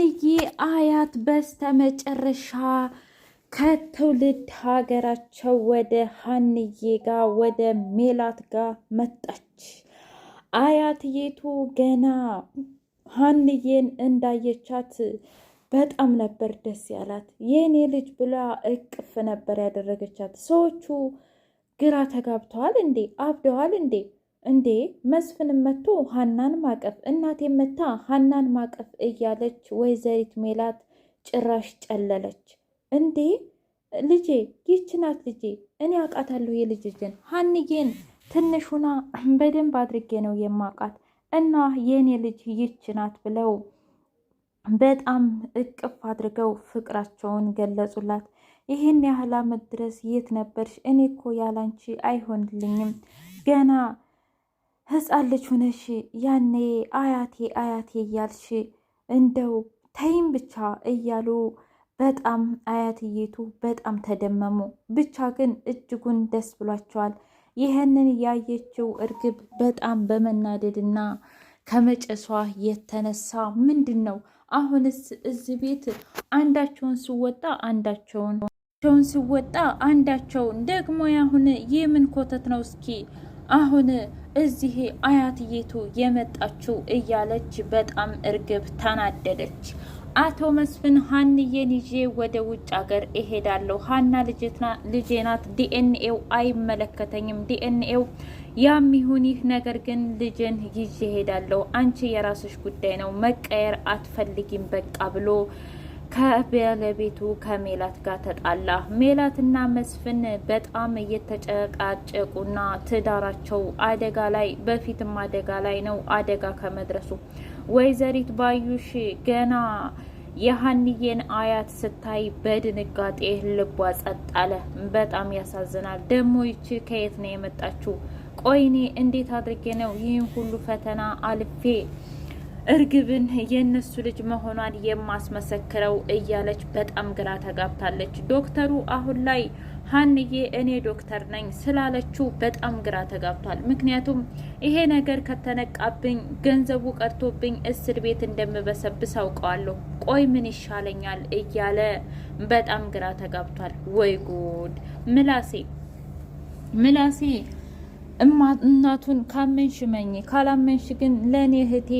የሀንዬ አያት በስተመጨረሻ ከትውልድ ሀገራቸው ወደ ሀንዬ ጋ ወደ ሜላት ጋ መጣች። አያትዬቱ ገና ሀንዬን እንዳየቻት በጣም ነበር ደስ ያላት። የእኔ ልጅ ብላ እቅፍ ነበር ያደረገቻት። ሰዎቹ ግራ ተጋብተዋል እንዴ? አብደዋል እንዴ? እንዴ መስፍንም መጥቶ ሀናን ማቀፍ እናቴ መታ ሀናን ማቀፍ እያለች ወይዘሪት ሜላት ጭራሽ ጨለለች። እንዴ ልጄ ይችናት ናት ልጄ፣ እኔ አውቃታለሁ የልጅጅን ሀንዬን ትንሹና በደንብ አድርጌ ነው የማውቃት እና የእኔ ልጅ ይች ናት ብለው በጣም እቅፍ አድርገው ፍቅራቸውን ገለጹላት። ይህን ያህል አመት ድረስ የት ነበርሽ? እኔ እኮ ያላንቺ አይሆንልኝም ገና ህፃን ልጅ ሁነሽ ያኔ አያቴ አያቴ እያልሽ እንደው ተይም ብቻ እያሉ በጣም አያትዬቱ በጣም ተደመሙ። ብቻ ግን እጅጉን ደስ ብሏቸዋል። ይህንን ያየችው እርግብ በጣም በመናደድና ከመጨሷ የተነሳ ምንድን ነው አሁንስ እዚህ ቤት አንዳቸውን ስወጣ አንዳቸውን ቸውን ስወጣ አንዳቸውን ደግሞ ያሁን የምን ኮተት ነው? እስኪ አሁን እዚህ አያትየቱ የመጣችው እያለች በጣም እርግብ ተናደደች። አቶ መስፍን ሀንዬን ይዤ ወደ ውጭ ሀገር እሄዳለሁ። ሀና ልጄ ናት። ዲኤንኤው አይመለከተኝም። ዲኤንኤው ያም ይሁን ይህ፣ ነገር ግን ልጄን ይዤ እሄዳለሁ። አንቺ የራስሽ ጉዳይ ነው። መቀየር አትፈልጊም። በቃ ብሎ ከባለቤቱ ከሜላት ጋር ተጣላ። ሜላትና መስፍን በጣም እየተጨቃጨቁና ትዳራቸው አደጋ ላይ በፊትም አደጋ ላይ ነው። አደጋ ከመድረሱ ወይዘሪት ባዩሽ ገና የሀንዬን አያት ስታይ በድንጋጤ ልቧ ጸጥ አለ። በጣም ያሳዝናል። ደግሞ ይቺ ከየት ነው የመጣችው? ቆይኔ እንዴት አድርጌ ነው ይህን ሁሉ ፈተና አልፌ እርግብን የእነሱ ልጅ መሆኗን የማስመሰክረው እያለች በጣም ግራ ተጋብታለች። ዶክተሩ አሁን ላይ ሀንዬ እኔ ዶክተር ነኝ ስላለችው በጣም ግራ ተጋብቷል። ምክንያቱም ይሄ ነገር ከተነቃብኝ ገንዘቡ ቀርቶብኝ እስር ቤት እንደምበሰብስ አውቀዋለሁ። ቆይ ምን ይሻለኛል እያለ በጣም ግራ ተጋብቷል። ወይ ጉድ! ምላሴ ምላሴ እናቱን ካመንሽ መኝ ካላመንሽ ግን ለእኔ እህቴ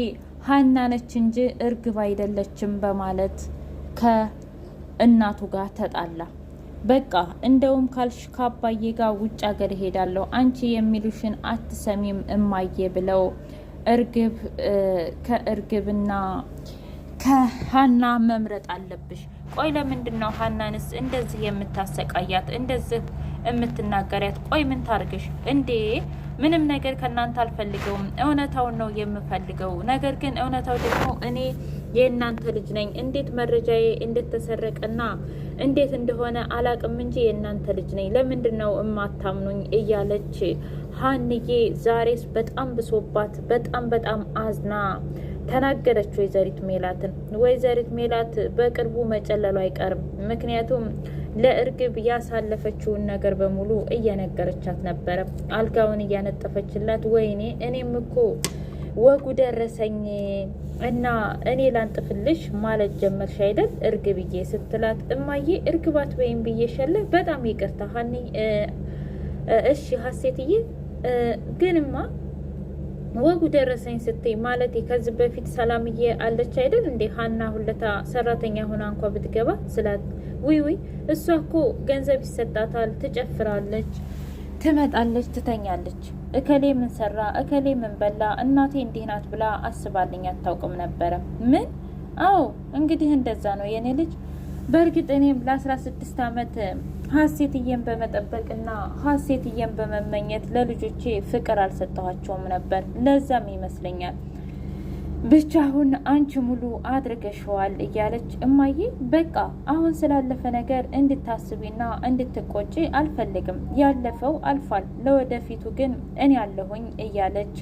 ሀና ነች እንጂ እርግብ አይደለችም በማለት ከእናቱ ጋር ተጣላ። በቃ እንደውም ካልሽ ካባዬ ጋር ውጭ ሀገር እሄዳለሁ፣ አንቺ የሚሉሽን አትሰሚም እማዬ ብለው እርግብ ከእርግብና ከሀና መምረጥ አለብሽ። ቆይ ለምንድን ነው ሀናንስ እንደዚህ የምታሰቃያት እንደዚህ የምትናገሪያት? ቆይ ምን ታርግሽ እንዴ? ምንም ነገር ከእናንተ አልፈልገውም። እውነታውን ነው የምፈልገው። ነገር ግን እውነታው ደግሞ እኔ የእናንተ ልጅ ነኝ። እንዴት መረጃዬ እንደተሰረቀና እንዴት እንደሆነ አላቅም እንጂ የእናንተ ልጅ ነኝ። ለምንድን ነው እማታምኑኝ? እያለች ሀንዬ ዛሬስ በጣም ብሶባት፣ በጣም በጣም አዝና ተናገረች ወይዘሪት ሜላትን። ወይዘሪት ሜላት በቅርቡ መጨለሉ አይቀርም ምክንያቱም ለእርግብ ያሳለፈችውን ነገር በሙሉ እየነገረቻት ነበረ። አልጋውን እያነጠፈችላት ወይኔ እኔም እኮ ወጉ ደረሰኝ እና እኔ ላንጥፍልሽ ማለት ጀመርሽ አይደል እርግብዬ ስትላት፣ እማዬ እርግባት ወይም ብዬ ብዬሻለ በጣም ይቅርታ ሀኒ። እሺ ሀሴትዬ ግንማ ወጉ ደረሰኝ ስትይ ማለት ከዚህ በፊት ሰላምዬ አለች አይደል እንዴ ሀና ሁለታ ሰራተኛ ሆና እንኳ ብትገባ ስላት ውይ ውይ፣ እሷ እኮ ገንዘብ ይሰጣታል፣ ትጨፍራለች፣ ትመጣለች፣ ትተኛለች። እከሌ ምን ሰራ፣ እከሌ ምን በላ፣ እናቴ እንዲህ ናት ብላ አስባልኝ አታውቅም ነበረ። ምን? አዎ እንግዲህ እንደዛ ነው የኔ ልጅ። በእርግጥ እኔም ለአስራ ስድስት አመት ሀሴትዬን በመጠበቅና ሀሴትዬን በመመኘት ለልጆቼ ፍቅር አልሰጠኋቸውም ነበር። ለዛም ይመስለኛል ብቻሁን አንቺ ሙሉ አድርገሸዋል እያለች እማዬ፣ በቃ አሁን ስላለፈ ነገር እንድታስቢና እንድትቆጪ አልፈልግም። ያለፈው አልፏል። ለወደፊቱ ግን እኔ ያለሁኝ እያለች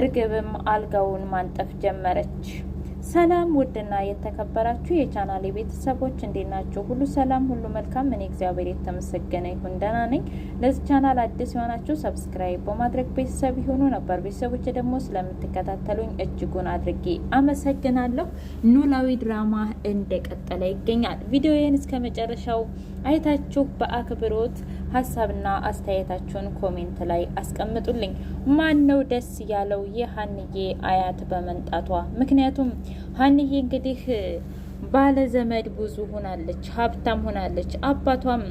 እርግብም አልጋውን ማንጠፍ ጀመረች። ሰላም ውድና የተከበራችሁ የቻናሌ ቤተሰቦች እንዴት ናቸው? ሁሉ ሰላም፣ ሁሉ መልካም። እኔ እግዚአብሔር የተመሰገነ ይሁን ደህና ነኝ። ለዚህ ቻናል አዲስ የሆናችሁ ሰብስክራይብ በማድረግ ቤተሰብ ይሁኑ። ነበር ቤተሰቦች ደግሞ ስለምትከታተሉኝ እጅጉን አድርጌ አመሰግናለሁ። ኖላዊ ድራማ እንደቀጠለ ይገኛል። ቪዲዮዬን እስከ መጨረሻው አይታችሁ በአክብሮት ሀሳብና አስተያየታችሁን ኮሜንት ላይ አስቀምጡልኝ። ማን ነው ደስ ያለው የሀንዬ አያት በመምጣቷ? ምክንያቱም ሀንዬ እንግዲህ ባለዘመድ ብዙ ሆናለች፣ ሀብታም ሆናለች። አባቷም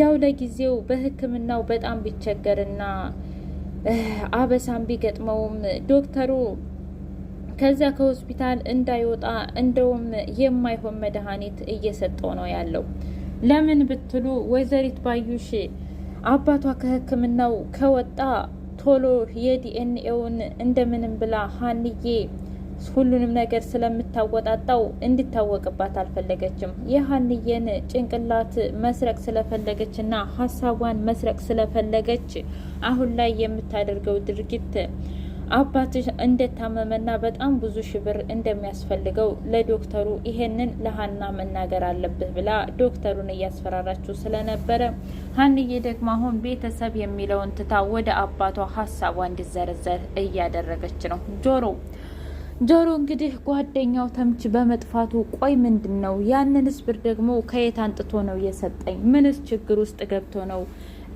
ያው ለጊዜው በሕክምናው በጣም ቢቸገርና አበሳም ቢገጥመውም ዶክተሩ ከዛ ከሆስፒታል እንዳይወጣ እንደውም የማይሆን መድኃኒት እየሰጠው ነው ያለው። ለምን ብትሉ ወይዘሪት ባዩሽ አባቷ ከህክምናው ከወጣ ቶሎ የዲኤንኤውን እንደምንም ብላ ሀንዬ ሁሉንም ነገር ስለምታወጣጣው እንዲታወቅባት አልፈለገችም። የሀንዬን ጭንቅላት መስረቅ ስለፈለገች እና ሀሳቧን መስረቅ ስለፈለገች አሁን ላይ የምታደርገው ድርጊት አባትሽ እንደታመመና በጣም ብዙ ሽብር ብር እንደሚያስፈልገው ለዶክተሩ ይሄንን ለሀና መናገር አለብህ ብላ ዶክተሩን እያስፈራራችው ስለነበረ ሀንዬ ደግሞ አሁን ቤተሰብ የሚለውን ትታ ወደ አባቷ ሀሳቧ እንዲዘረዘር እያደረገች ነው። ጆሮ ጆሮ እንግዲህ ጓደኛው ተምች በመጥፋቱ ቆይ ምንድን ነው ያንንስ ብር ደግሞ ከየት አንጥቶ ነው የሰጠኝ? ምንስ ችግር ውስጥ ገብቶ ነው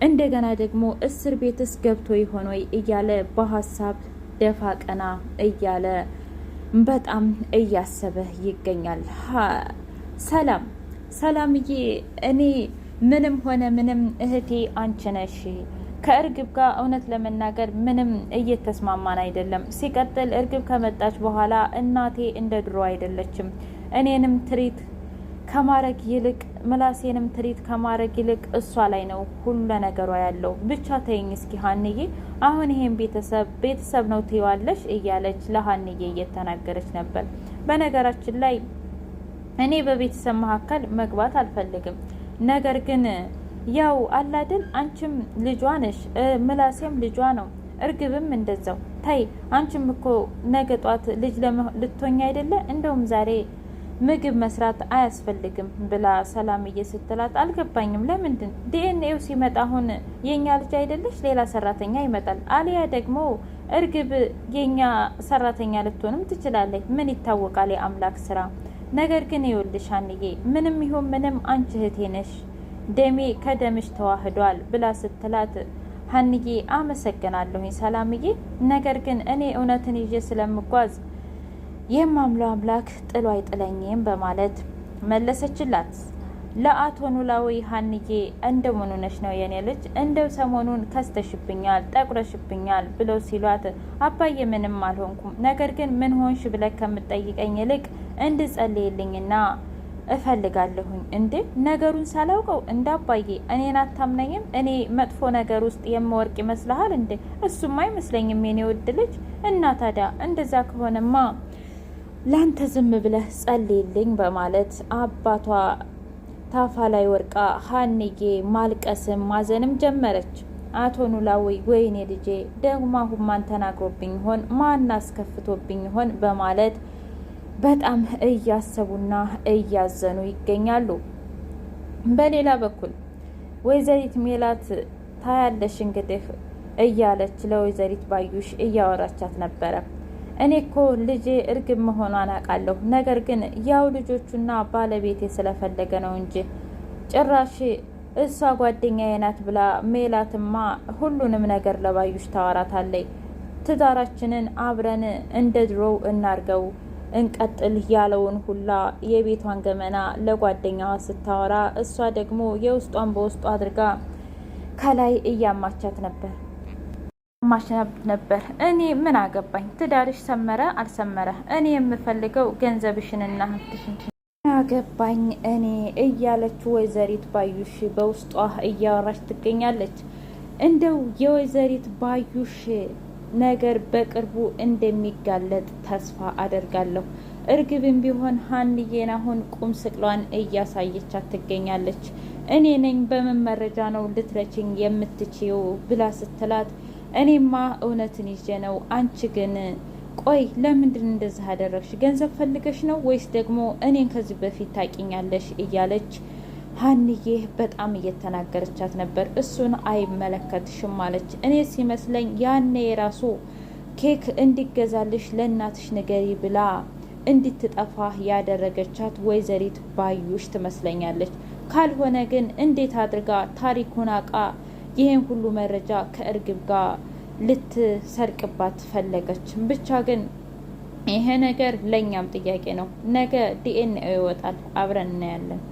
እንደገና ደግሞ እስር ቤትስ ገብቶ ይሆን ወይ እያለ በሀሳብ ደፋ ቀና እያለ በጣም እያሰበ ይገኛል። ሰላም ሰላምዬ፣ እኔ ምንም ሆነ ምንም እህቴ አንቺ ነሽ። ከእርግብ ጋር እውነት ለመናገር ምንም እየተስማማን አይደለም። ሲቀጥል እርግብ ከመጣች በኋላ እናቴ እንደ ድሮ አይደለችም። እኔንም ትሪት ከማረግ ይልቅ ምላሴንም ትሪት ከማድረግ ይልቅ እሷ ላይ ነው ሁሉ ነገሯ ያለው። ብቻ ተይኝ እስኪ ሀንዬ፣ አሁን ይሄን ቤተሰብ ቤተሰብ ነው ትይዋለሽ እያለች ለሀንዬ እየተናገረች ነበር። በነገራችን ላይ እኔ በቤተሰብ መካከል መግባት አልፈልግም። ነገር ግን ያው አላድል አንቺም ልጇ ነሽ፣ ምላሴም ልጇ ነው፣ እርግብም እንደዛው። ታይ አንቺም እኮ ነገ ጧት ልጅ ልትሆኝ አይደለ? እንደውም ዛሬ ምግብ መስራት አያስፈልግም ብላ ሰላምዬ ስትላት አልገባኝም። ለምንድን ዲኤንኤው ሲመጣ አሁን የኛ ልጅ አይደለች ሌላ ሰራተኛ ይመጣል፣ አሊያ ደግሞ እርግብ የኛ ሰራተኛ ልትሆንም ትችላለች። ምን ይታወቃል የአምላክ ስራ። ነገር ግን ይኸውልሽ አንዬ፣ ምንም ይሁን ምንም አንቺ እህቴ ነሽ፣ ደሜ ከደምሽ ተዋህዷል ብላ ስትላት ሀንዬ አመሰግናለሁኝ ሰላምዬ፣ ነገር ግን እኔ እውነትን ይዤ ስለምጓዝ አምሎ አምላክ ጥሎ አይጥለኝም በማለት መለሰችላት። ለአቶ ኖላዊ ሀንዬ እንደ ሆነሽ ነው የኔ ልጅ? እንደው ሰሞኑን ከስተሽብኛል፣ ጠቁረሽብኛል ብለው ሲሏት አባዬ ምንም አልሆንኩም፣ ነገር ግን ምን ሆንሽ ብለህ ከምጠይቀኝ ይልቅ እንድጸልይልኝና እፈልጋለሁኝ። እንዴ ነገሩን ሳላውቀው እንደ አባዬ እኔን አታምነኝም? እኔ መጥፎ ነገር ውስጥ የምወርቅ ይመስልሃል እንዴ? እሱም አይመስለኝም የኔ ውድ ልጅ። እና ታዲያ እንደዛ ከሆነማ ላንተ ዝም ብለህ ጸልይልኝ በማለት አባቷ ታፋ ላይ ወርቃ ሀንዬ ማልቀስም ማዘንም ጀመረች። አቶ ኖላዊ ወይኔ ልጄ ደግሞ አሁን ማን ተናግሮብኝ ይሆን? ማን አስከፍቶብኝ ይሆን? በማለት በጣም እያሰቡና እያዘኑ ይገኛሉ። በሌላ በኩል ወይዘሪት ሜላት ታያለሽ እንግዲህ እያለች ለወይዘሪት ባዩሽ እያወራቻት ነበረ። እኔ እኮ ልጄ እርግብ መሆኗን አውቃለሁ። ነገር ግን ያው ልጆቹና ባለቤቴ ስለፈለገ ነው እንጂ ጭራሽ እሷ ጓደኛዬ ናት ብላ ሜላትማ ሁሉንም ነገር ለባዩሽ ታወራታለይ። ትዳራችንን አብረን እንደ ድሮው እናርገው እንቀጥል ያለውን ሁላ የቤቷን ገመና ለጓደኛዋ ስታወራ፣ እሷ ደግሞ የውስጧን በውስጡ አድርጋ ከላይ እያማቻት ነበር። ማሽናብ ነበር። እኔ ምን አገባኝ ትዳርሽ ሰመረ አልሰመረ፣ እኔ የምፈልገው ገንዘብሽንና ሀብትሽን አገባኝ እኔ እያለች ወይዘሪት ባዩሽ በውስጧ እያወራች ትገኛለች። እንደው የወይዘሪት ባዩሽ ነገር በቅርቡ እንደሚጋለጥ ተስፋ አደርጋለሁ። እርግብም ቢሆን ሀንዬን አሁን ቁም ስቅሏን እያሳየቻት ትገኛለች። እኔ ነኝ በምን መረጃ ነው ልትረችኝ የምትችው ብላ ስትላት እኔማ እውነትን ይዤ ነው። አንቺ ግን ቆይ ለምንድን እንደዚህ አደረግሽ? ገንዘብ ፈልገሽ ነው ወይስ ደግሞ እኔን ከዚህ በፊት ታቂኛለሽ? እያለች ሀንዬ በጣም እየተናገረቻት ነበር። እሱን አይመለከትሽም አለች። እኔ ሲመስለኝ ያኔ የራሱ ኬክ እንዲገዛልሽ ለእናትሽ ንገሪ ብላ እንድትጠፋ ያደረገቻት ወይዘሪት ባዩሽ ትመስለኛለች። ካልሆነ ግን እንዴት አድርጋ ታሪኩን አቃ ይህን ሁሉ መረጃ ከእርግብ ጋር ልትሰርቅባት ፈለገች። ብቻ ግን ይሄ ነገር ለእኛም ጥያቄ ነው። ነገ ዲኤንኤ ይወጣል፣ አብረን እናያለን።